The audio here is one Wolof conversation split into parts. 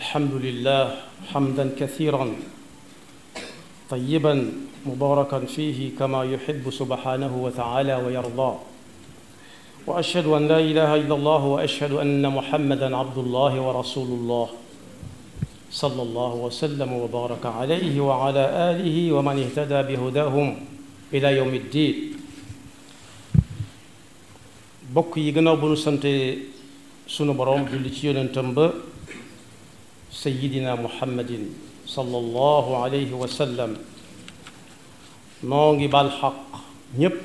الحمد لله حمدا كثيرا طيبا مباركا فيه كما يحب سبحانه وتعالى ويرضى واشهد ان لا اله الا الله واشهد ان محمدا عبد الله ورسول الله صلى الله وسلم وبارك عليه وعلى اله ومن اهتدى بهداهم الى يوم الدين بك يغنا بنو سنتي سونو بروم جولي سيدنا محمد صلى الله عليه wasallam noo ngi bal xaq ñépp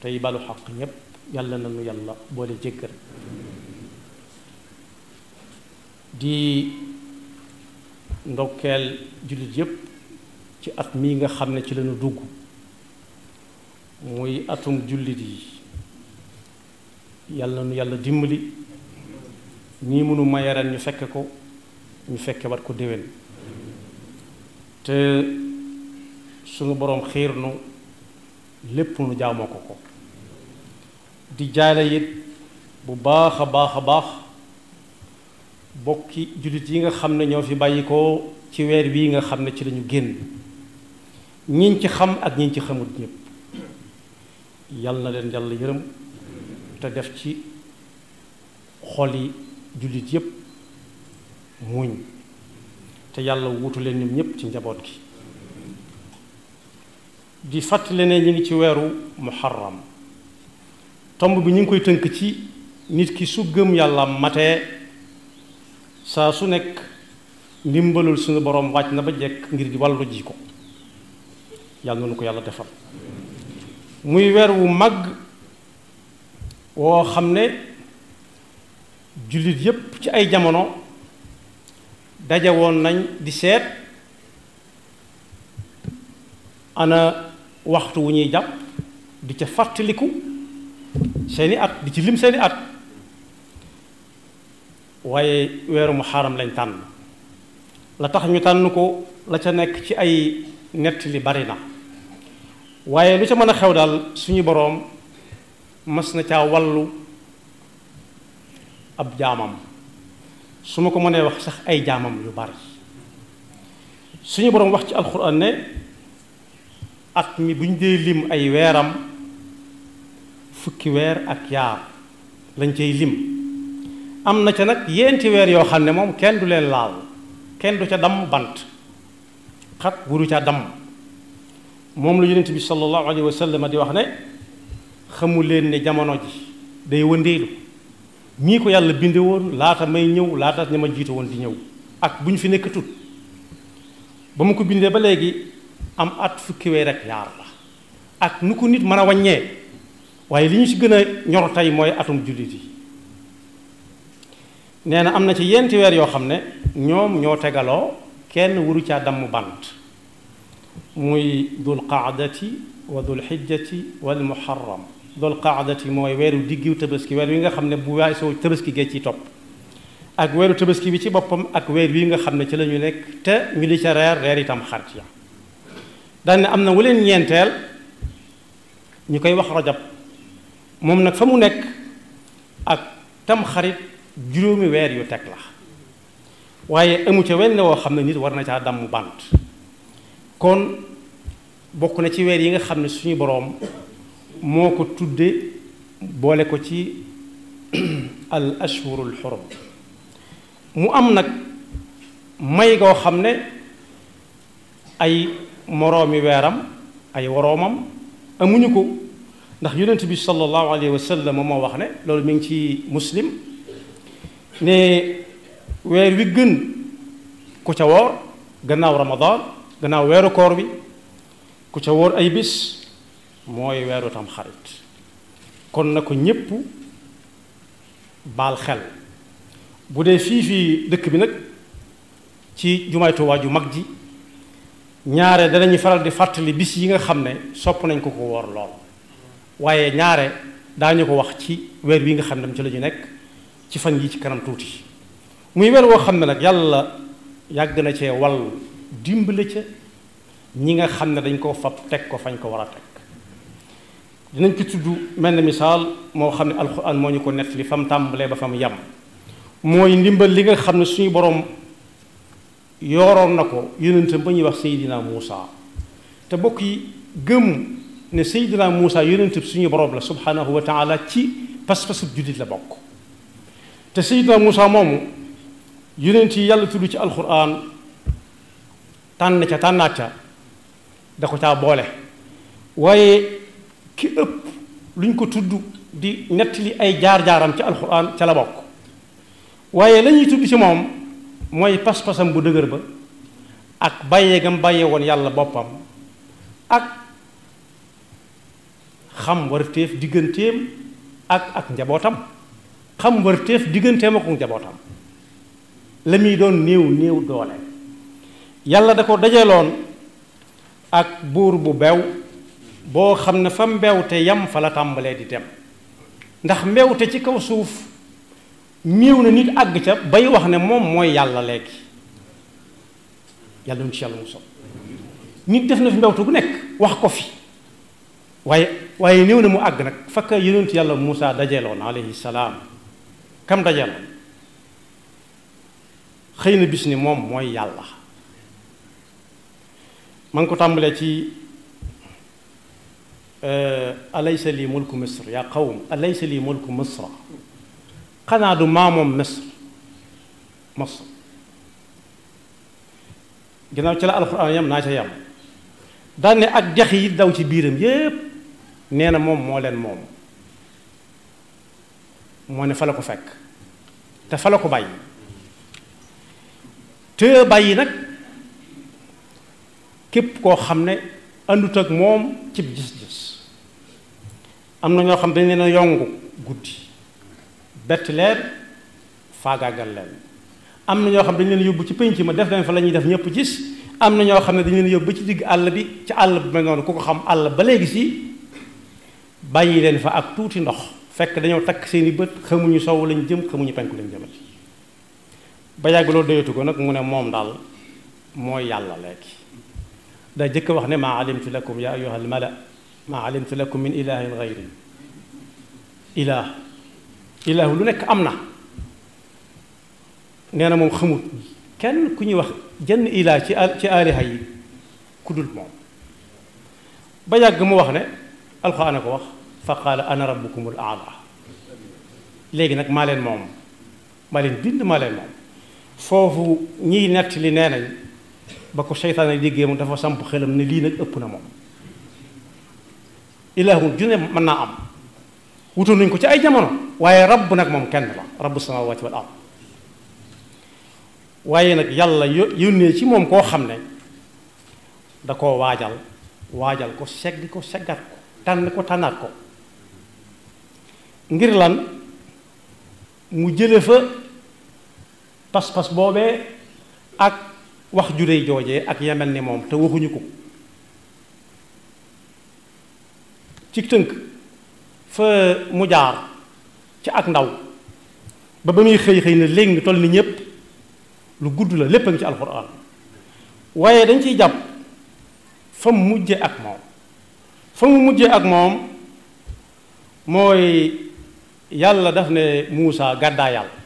tey balu xaq ñépp yàlla na nu yàlla boole jéggal di ndokkeel jullit yépp ci at mii nga xam ne ci lañu dugg muy atum jullit yi yàlla na nu yàlla dimbali nii mënu maye ren ñu fekk ko ñu fekke wat ko déwén te suñu boroom xiir nu lépp nu jaamoo ko ko di jaale it bu baax a baax a baax bokki jullit yi nga xam ne ñoo fi bàyyi ko ci weer bii nga xam ne ci lañu génn ñiñ ci xam ak ñiñ ci xamut ñëpp yal na leen yàlla yërëm te def ci xol jullit yépp muñ te yàlla wutu leen ñoom ñépp ci njaboot gi di fàttali na ñu ngi ci weeru muharram tomb bi ñu ngi koy tënk ci nit ki su gëm yàlla matee saa su nekk ndimbalul suñu borom wàcc na ba jekk ngir di wàllu ji ko yàlla noonu ko yàlla defal muy weer wu mag woo xam ne jullit yépp ci ay jamono daje woon nañ di seet ana waxtu wu ñuy jàpp di ca fàttaliku seeni at di ci lim seeni at waaye weeru muharram lañ tànn la tax ñu tànn ko la ca nekk ci ay nettali bari na waaye lu ca mën a xew daal suñu boroom mas na caa wallu ab jaamam su ma ko mënee wax sax ay jaamam yu bari suñu boroom wax ci alxuraan ne at mi bu ñu dee lim ay weeram fukki weer ak yaar lañ cay lim am na ca nag yéenti weer yoo xam ne moom kenn du leen laal kenn du ca damm bant xat wuru ca damm moom la yonent bi sallallahu alayhi wa sallam di wax ne xamu leen ne jamono ji day wëndeelu mi ko yàlla binde woon laata may ñëw laata ña ma jiite woon di ñëw ak buñ fi nekk tut ba mu ko bindé ba légui am at fukki wé rek yar la ak nu nit mëna wañé waye waaye ci gëna ñor tay moy atum julit yi néna amna ci yent wër yo xamné ñom ño tégalo tegaloo kenn waru caa damm bant muy dhul qa'dati wa dhul hijjati wal muharram loolu qaadati mooy weeru diggiw tabaski weer wi nga xam ne bu weesoo tabaski gee ci topp ak weeru tabaski bi ci boppam ak weer wi nga xam ne ci la nekk te ñu di ca reer reer itam ya daan am na waleen ñeenteel ñu koy wax moom nag fa mu nekk ak tam xarit juróomi weer yu teg la waaye amu ca wenn woo xam ne nit war na caa damm bant kon bokk na ci weer yi nga xam ne suñu boroom moko tudde bolé ko ci al ashhurul hurum mu am nak may go xamné ay moromi wéram ay woromam amuñu ko ndax yonent bi sallallahu alayhi wa sallam mo wax ne loolu mi ngi ci muslim ne wér wi gën ku ca wor gannaaw ramadan gannaaw wéru koor wi ku ca wor ay bis mooy weeru tam xarit kon na ko ñépp baal xel bu dee fii fii dëkk bi nag ci jumaay Tuubaa ju mag ji ñaare danañu faral di fàttali bis yi nga xam ne sopp nañ ko ko woor lool waaye ñaare daañu ko wax ci weer wi nga xam ne ci la ñu nekk ci fan yi ci kanam tuuti muy weer woo xam ne nag yàlla yàgg na cee wàllu dimbali ca ñi nga xam ne dañ ko fab teg ko fañ ko war a teg dinañ ci tuddu melni misal mo xamni alquran ne ñu ko netti fam tambale ba fam yam moy ndimbal li nga xamni suñu borom yoron nako ko yonentam ba wax sayidina musa te bokk yi gëm ne sayidina musa yonentam suñu borom la subhanahu wa taala ci pas-pasub jullit la bokk te sayidina musa mom yonent yàlla tuddu ci alquran tan ca tànnaat da ko ta bolé waye ki ëpp luñ ko tudd di nettali ay jaar-jaaram ci alxuraan ca la bokk waaye lañuy ñuy tudd ci moom mooy pas-pasam bu dëgër ba ak bàyyee gam bàyyee woon yàlla boppam ak xam warteef digganteem ak ak njabootam xam warteef digganteem ak njabootam la muy doon néew néew doole yàlla da ko dajeeloon ak buur bu bew boo xam ne fa mbewte yam fa la tàmbalee di dem ndax mbewte ci kaw suuf miiw na nit àgg ca bay wax ne moom mooy yàlla léegi yàlla nu ci nit def na fi mbewte gu nekk wax ko fi waaye waaye néew na mu àgg nag fakk ci yàlla Muusa dajeeloon alayhi salaam kam dajeeloon xëy na bis ni moom mooy yàlla ma ko tàmbalee ci آه، أليس لي ملك مصر يا قوم أليس لي ملك مصر قنا دمام مصر مصر جنا تلا القرآن يام ناس يام دان أجدخ يبدأ وتبيرم يب نينا موم مولن موم موني فلكو فك تفلكو باي تي باي نك كيب كو خامني اندوتك موم تيب جس جس amna na ñoo xam dañ leena a yongu guddi bett leen faagaagal leen amna na ñoo xam dañ leena yóbbu ci pénc ma def leen fa lañuy def ñëpp gis amna na ñoo xam ne dañ leena yóbbu ci dig àll bi ci àll bi mel noonu ku ko xam àll ba legi ci bàyyi leen fa ak tuuti ndox fekk dañoo tak seeni beut xamuñu sow lañ jëm xamuñu penku lañ jëmal ba yag lo doyatu ko nak mu ne mom dal moy yàlla legi da jëk wax ne ma alimtu lakum ya ayyuhal mala ما علمت لكم من إله غيري إله إله لنك أمنا نانا مو خموت كان كوني وخ جن إله تي آل هاي كدول موم بياك مو وخ القرآن وخ فقال أنا ربكم الأعلى لكنك نك مالين موم مالين بند مالين موم فوفو ني نكت لي نانا بكو شيطان ديغي مو دافا سامبو خيلم ني لي نك اوبنا موم ilahun june mana na am wutu nañ ko ci ay jamono waye rabb nak mom kenn la rabbu samawati wal ard waye nak yalla yone ci mom ko xamne ne da ko wajal wajal ko segg ko seggat ko tan ko tanat ko ngir lan mu jele fa pas-pas bobé ak wax ju jojé ak yemel ya ni mom te waxuñu ko ci tënk fa mu jaar ci ak ndaw ba ba muy xëy xëy na léegi ngi toll ni ñépp lu gudd la lépp a ngi ci alxuraan waaye dañ ciy jàpp fa mu mujje ak moom fa mu mujje ak moom mooy yàlla def ne Muusa gàddaa yàlla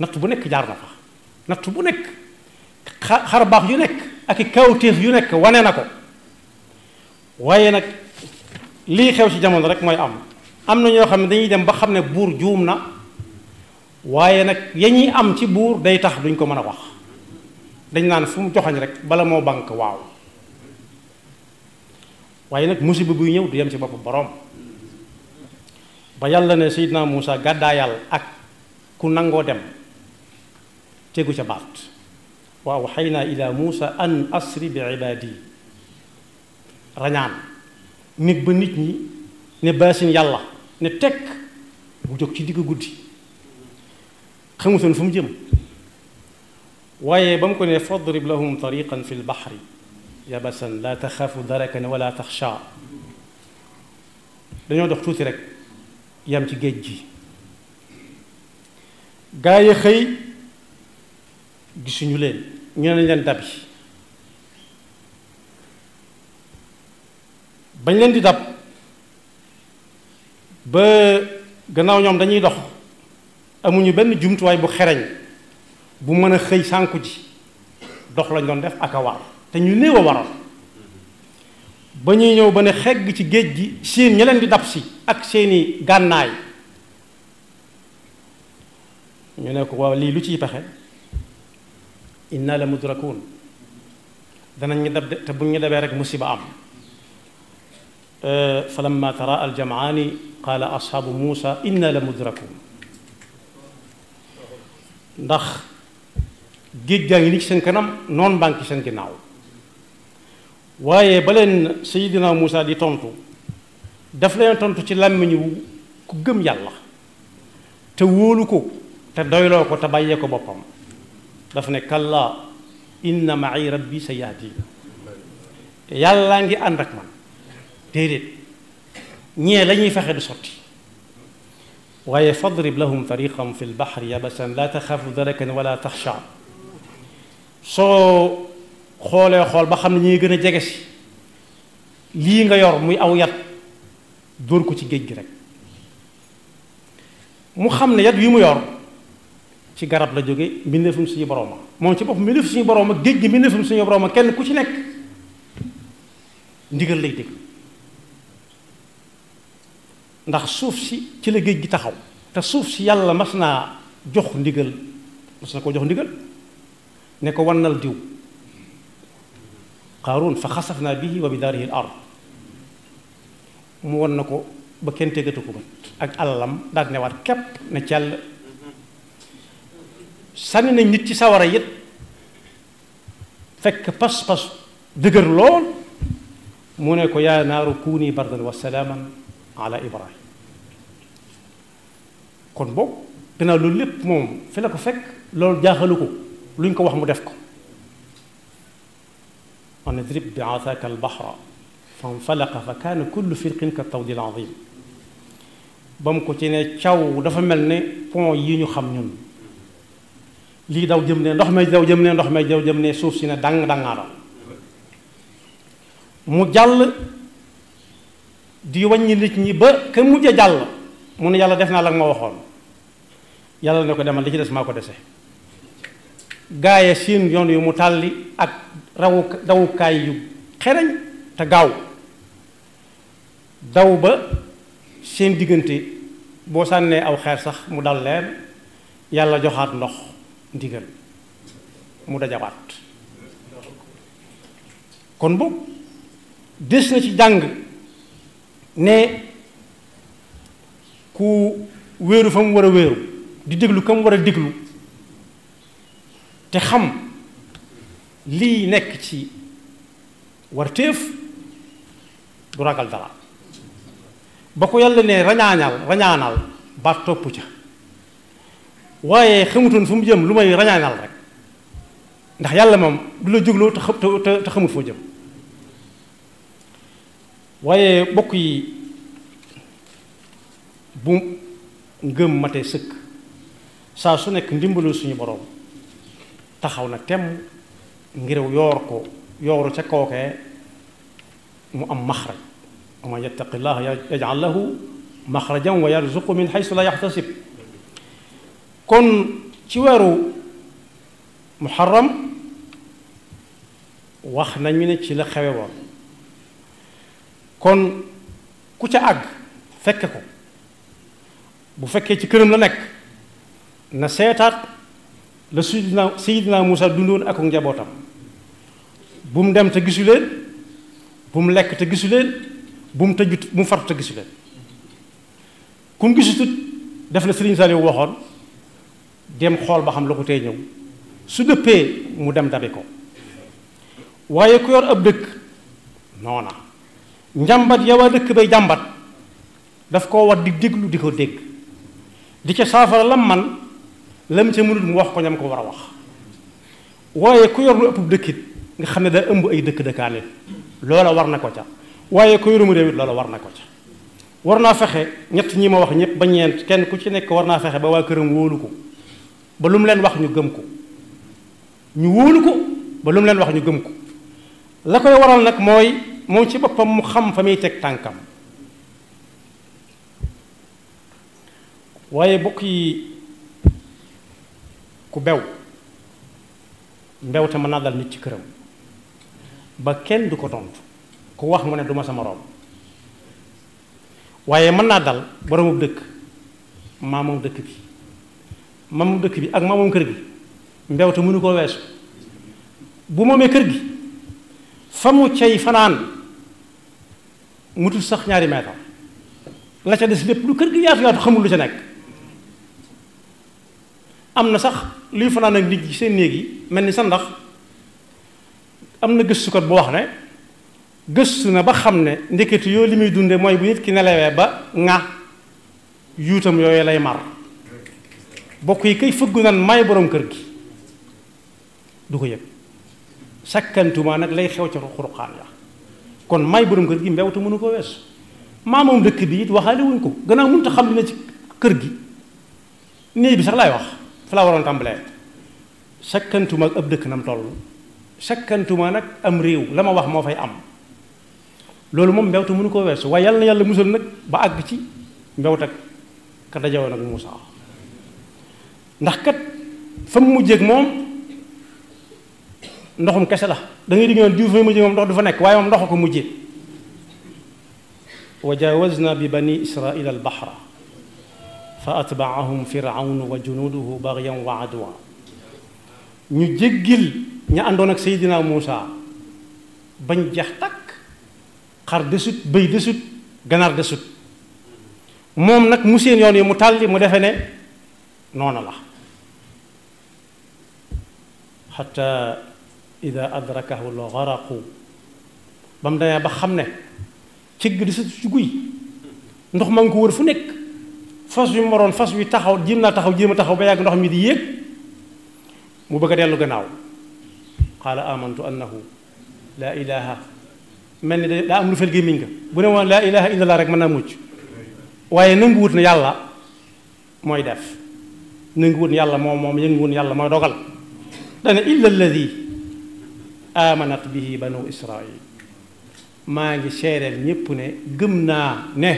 natt bu nekk jaar na fa natt bu nekk xar baax yu nekk ak i kawtéef yu nekk wane na ko waaye nag lii xew ci jamono rek mooy am am na ñoo xam ne dañuy dem ba xam ne buur juum na waaye nag ya am ci buur day tax duñ ko mën a wax dañ naan fu mu joxañ rek bala moo bànk waaw waaye nag musiba buy ñëw du yem ci bopp boroom ba yàlla ne Seydina Muusa gàddaayal ak ku nangoo dem tegu ca baat waaw xëy naa ila Muusa an asri bi ibaadi rañaan nit ba nit ñi ne baasin yàlla ne tek mu jóg ci digg guddi xamutoon fu mu jëm waye bam ko ne fadrib lahum tariqan fi lbaxri yabasan la takhafu darakan wala takhsha dañu dox tuti rek yam ci géej ji gaay xëy gisuñu leen ñu ne nañ leen dabi bañ leen di dab ba gannaaw ñoom dañuy dox amuñu benn jumtuwaay bu xereñ bu mën a xëy sànku ji dox lañ doon def ak a war te ñu néew a waral ba ñuy ñëw ba ne xegg ci géej gi seen ña leen di dab si ak seeni gànnaay ñu ne ko waaw lii lu ciy pexe inna la mudrakun danañ ñu dab de te bu ñu dabee rek musiba am فلما تراءى الجمعان قال ashaabu Muusa inna la mudrakun ndax géej gaa ngi ni ci seen kanam noon baa ngi ci seen ginnaaw waaye ba leen Seydina Muusa di tontu daf leen tontu ci làmmiñu ku gëm yàlla te wóolu ko te doyloo ko te bàyyee ko boppam daf ne kallaa inna ma'i rabbi sayahdin yàlla ngi ànd ak man ديرت ني لا ني fexe دو سوتي waaye فضرب لهم tariqan في البحر yabasan لا تخاف ذلك ولا تخشع سو خول خول با xam ني غنا gën a jege nga yor muy aw yat dor ko ci géej gi rek mu xamne yat wi mu yor ci garab la jóge mbindeefum suñu boroma mo ci bopp mbindeefum suñu boroma géej gi mbindeefum suñu boroma kenn ku ci nek ndigal lay deg ndax suuf si ci la géej gi taxaw te suuf si yàlla mas naa jox ndigal mas na ko jox ndigal ne ko wannal diw qaaruun fa xasaf naa bihi wa bi daarihi al ard mu wan na ko ba kenn tegatu ko bët ak alalam daal di newaat képp ne càll sànni nañ nit ci sawara yit fekk pas-pas dëgër lool mu ne ko yaa naaru kuuni bardan wa على ابراهيم كون بو دنا لول ليب موم فلا كو فك لول جاخلوكو لوين كو واخ مو ديفكو ان ادرب بعثاك البحر فانفلق فكان كل فرق كالطود العظيم بام كو تي ني تياو دا فا ملني بون يي ني خام نون لي داو جيم ني ندخ ماي داو جيم ني ندخ ماي داو جيم ني سوف سينا دانغ دانغارا مو جال di wàññi nit ñi ba ke mujjé jall mu ne yalla def na la nga waxoon yalla ne ko demal li ci des mako ko dese seen yoon yu mu talli ak rawu kay yu xereñ ta gaaw daw ba seen digënté bo sànnee aw xéer sax mu dal leen yalla joxaat ndox ndigal mu dajawaat kon bu des na ci jang ne ku wéeru fa mu war a wéeru di déglu ka mu war a déglu te xam lii nekk ci war téef du ragal dara ba ko yàlla ne rañaañal rañaanal baat topp ca waaye xamutoon fu mu jëm lu may rañaanal rek ndax yàlla moom du la jógloo te te xamut foo jëm waaye bokk yi bu ngëm matee sëkk saa su nekk ndimbalu suñu borom taxaw na temm ngir yoor ko yooru ca kookee mu am maxraj wa man yattaqi llaha yaj'al lahu maxrajan wa yarzuqu min xaysu la yaxtasib kon ci weeru muharram wax nañu ne ci la xewe woon kon ku ca àgg fekke ko bu fekkee ci këram la nekk na seetaat la sidina sidina musa dundoon ak njabootam bu mu dem te gisu leen bu mu lekk te gisu leen bu mu tëju bu mu fartu te gisu leen ku mu gisutut def la Serigne Saliou waxoon dem xool ba xam la ko tee ñëw su dëppee mu dem dabe ko waaye ku yor ab dëkk noona njàmbat ya dëkk bay jàmbat daf koo war di déglu di ko dégg di ca saafara lam man lam ca mënut mu wax ko ñam ko war a wax waaye ku yor lu ëpp dëkkit nga xam ne daa ëmb ay dëkk dëkkaane loola war na ko ca waaye ku yorumu réew it loola war na ko ca war naa fexe ñett ñi ma wax ñëpp ba ñeent kenn ku ci nekk war naa fexe ba waa këram wóolu ko ba lu mu leen wax ñu gëm ko ñu wóolu ko ba lu mu leen wax ñu gëm ko la koy waral nag mooy moom ci boppam mu xam fa muy teg tànkam waaye bokk yi ku bew mbewte mën naa dal nit ci këram ba kenn du ko tontu ku wax mu ne duma sama moroom waaye mën naa dal boroomu dëkk maa moom dëkk bi maa dëkk bi ak maa kër gi mbewte mënu koo weesu bu moomee kër gi fa mu cay fanaan mutul sax ñaari meetar la ca des lépp lu kër gi yaatu yaatu xamul lu ca nekk am na sax luy fanaan ak nit ñi seen néeg mel ni sa ndax am na gëstukat bu wax ne gëstu na ba xam ne ndekketu yoo li muy dunde mooy bu nit ki nelawee ba ŋa yuutam yooyu lay mar bokk yi kay fëggu nan may boroom kër gi du ko yëg sakkantuma nag lay xew ca xuruqaan ya kon may borom kër gi mbewtu mënu ko weesu maa moom dëkk bi it waxaale wuñ ko gannaaw mënut a xam ne ci kër gi néeg bi sax laay wax fa laa waroon tàmbalee sakkantuma ak ab dëkk nam toll sakkantuma nag am réew la ma wax moo fay am loolu moom mbewtu mënu koo weesu waaye yàlla na yàlla musal nag ba àgg ci mbewt ak ka dajawoon ak Muusaa ndax kat fa mu mujjee moom ndoxum kese la da ngay dégg noon diw fay mujje moom ndox du fa nekk waaye moom ndox ko mujje wa jawazna bi bani israila al bahra fa atbaahum firaun wa junuduhu bagyan wa adwa ñu jéggil ña àndoon ak Seydina Muusa bañ jeex takk xar desut bëy desut ganaar desut moom nag mu seen yoon yi mu tàlli mu defe ne noona la xataa ida adrakahu al gharaqu ba mu demee ba xam ne cëgg di sa ci guy ndox maa ngi ko wër fu nekk fas yu moroon fas yu taxaw jéem naa taxaw jéem a taxaw ba yàgg ndox mi di yéeg mu bëgg a dellu gannaaw qaala amantu annahu laa ilaha mel ni daa am lu fel gémmiñ nga bu ne woon laa ilaha illallah rek mën naa mucc waaye nangu wut na yàlla mooy def nangu wut na yàlla moom moom yëngu wut na yàlla mooy dogal dana illa alladi amanat bi banu israil maa ngi seereel ñépp ne gëm naa ne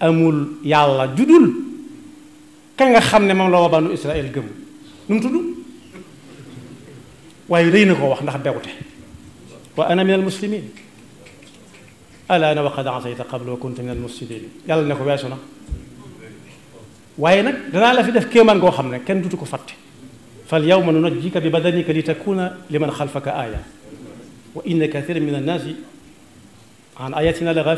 amul yàlla judul ka nga xam ne moom la waa banu israil gëm nu tudd waaye rëy na koo wax ndax bewte wa ana min al muslimin ala ana waqad asayta qablu wa kunta min ko weesu na waaye nag danaa la fi def kéemaan koo xam ne kenn dutu ko fàtte fal yawma nunajjika bi badanika li takuna liman xalfaka aaya wa inna kathiran min annaasi an ayatina la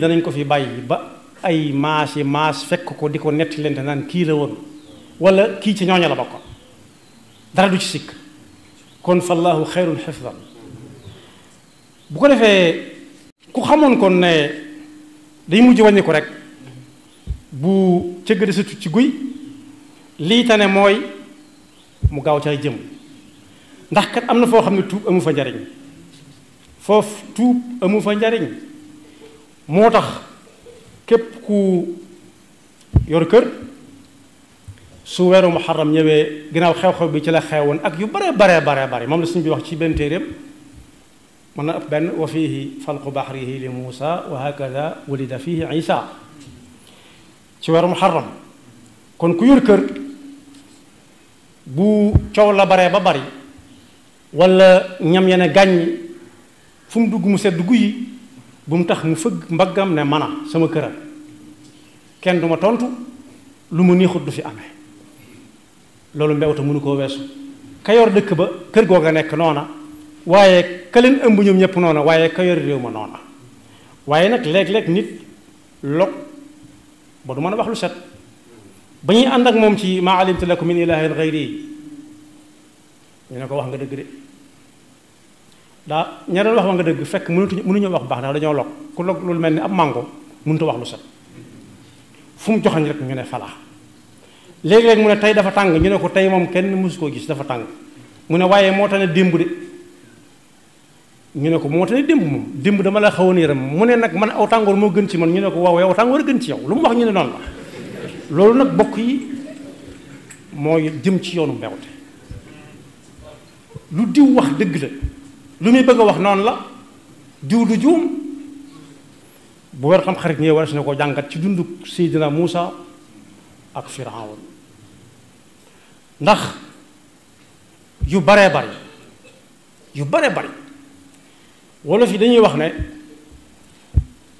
danañ ko fi bàyyi ba ay maas yi maas fekk ko di ko nett leen te naan kii la woon wala kii ci ñooña la bokkoon dara du ci sikk kon fallaahu xayrun xifdan bu ko defee ku xamoon kon ne day mujj wàññi ko rek bu cëgg de ci guy lii tane mooy mu gaaw ca jëm ndax kat amna fo xamne tuub amu fa jariñ fof tuub amu fa jariñ motax kep ku yor keur su weeru muharram ñewé ginaaw xew-xew bi ci la xewon ak yu bare bare bare bare mom la suñu bi wax ci ben téeréem man na ben wa fihi falq bahrihi li musa wa hakada wulida fihi isa ci weeru muharram kon ku yor keur bu ciow la bare ba bari wala ñam ya ne gàññ fu mu dugg mu sedd guyi bu mu tax mu fëgg mbaggam ne mana sama këram kenn du ma tontu lu mu neexut du fi amee loolu mbewta mënu koo weesu ka yor dëkk ba kër googa nekk noona waaye ka leen ëmb ñoom ñëpp noona waaye ka yor réew ma noona waaye nag léeg-léeg nit log ba du mën a wax lu set ba ñuy ànd ak moom ci maa alimtu lakum min ilahin gayri yi ñu ne ko wax nga dëgg de daa ña doon wax wa nga dëgg fekk mënutuñu mënuñoo wax baax ndax dañoo log ku log loolu mel ni ab màngo mënuta wax lu set fu mu joxañ rek ñu ne falaa léeg-léeg mu ne tey dafa tàng ñu ne ko tey moom kenn mësu koo gis dafa tàng mu ne waaye moo tax ne démb de ñu ne ko moo tax ne démb moom démb dama la xawoon yaram mu ne nag man aw tàngoor moo gën ci man ñu ne ko waaw yow tàngoor a gën ci yow lu mu wax ñu ne noonu la loolu nag bokk yi mooy jëm ci yoonu mbewte lu diw wax dëgg lu muy bëgg wax noonu la diw du juum bu weer xam xarit ñëwee war si ne ko jàngat ci dundu Seydina Muusa ak Firaawun ndax yu bare bari yu bare bari wala fi dañuy wax ne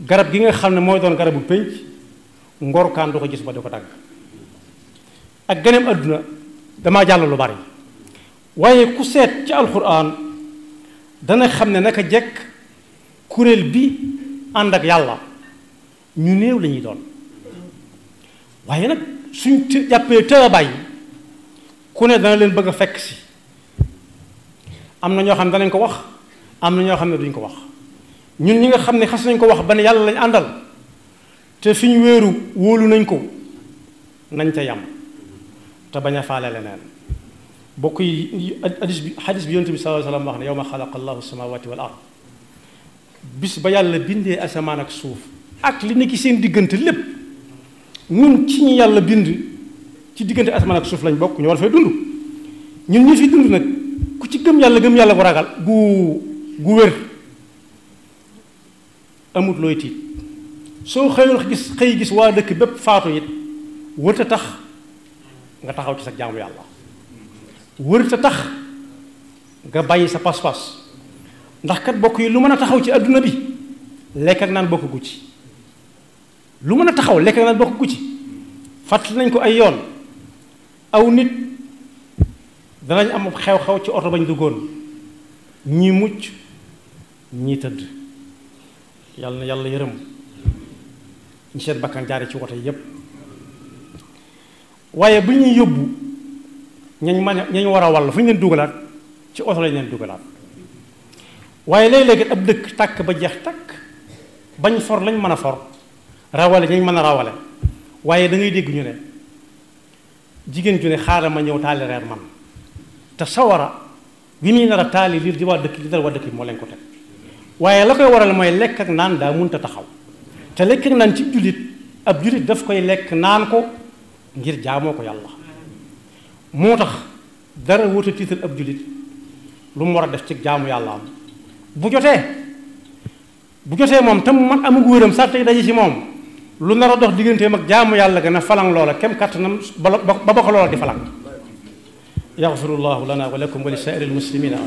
garab gi nga xam ne mooy doon garabu pénc ngorkaan du ko gis ba di ko dagg ak ganeem àdduna dama jàll lu bari waaye ku seet ci alquran dana xamne naka jek kurel bi ànd ak yàlla ñu néew lañuy doon waye nak suñu jappé tëra bàyyi ku ne dana leen bëgg fekk ci amna ño xamne dana ne ko wax amna ño xamne duñ ko wax ñun ñi nga xamne xass nañ ko wax ban yàlla lañ àndal te suñu wëru wolu nañ ko nañ ca yam te baña faale leneen بوكي حديث بيونت بي صلى الله عليه وسلم مخنا يوم خلق الله السماوات والارض بس با يالا بيند اسمانك سوف اك لي نيكي سين ديغنت لب نون كي ني يالا بيند تي ديغنت اسمانك سوف لاني بوك نيوال في دوندو نون ني في دوندو نك كو تي گم يالا گم يالا كو راغال بو وير اموت لويتي سو خيول خيس خي گيس وا دك بب فاتو يت وتا تخ nga taxaw ci sax jaamu yalla wërta tax nga bàyyi sa pas-pas ndax kat bokk yi lu mën a taxaw ci adduna bi lekk ak naan bokk ci lu mën a taxaw lekk naan bokk gu ci fàttali nañ ko ay yoon aw nit danañ am xew-xew ci oto bañ duggoon ñi mucc ñi tëdd yàlla yàlla yërëm ñi seen bakkan jaare ci woto yépp waaye bu ñuy yóbbu ñañ man ñañ war a walla fu ñu leen dugalaat ci oto lañ leen dugalaat waaye lay léeg ab dëkk tàkk ba jeex tàkk bañ for lañ mën a for rawale ñañ mën a rawale waaye da ngay dégg ñu ne jigéen ju ne xaaral ma ñëw taali reer man te sawara bi muy nar a taali lii di waa dëkk li dal waa dëkk bi moo leen ko teg waaye la koy waral mooy lekk ak naan daa mënta taxaw te lekk ak naan ci jullit ab jullit daf koy lekk naan ko ngir jaamoo ko yàlla moo tax dara wut a tiital ab jullit lu mu war a def ci jaamu yàlla am bu jotee bu jotee moom tam man amug wéram sàtte yi daje ci moom lu nar dox digganteem ak jaamu yàlla gën a falang loola kem na ba ba ko loola di falang yaxfirullahu lana wa lakum wa li saa'iril muslimina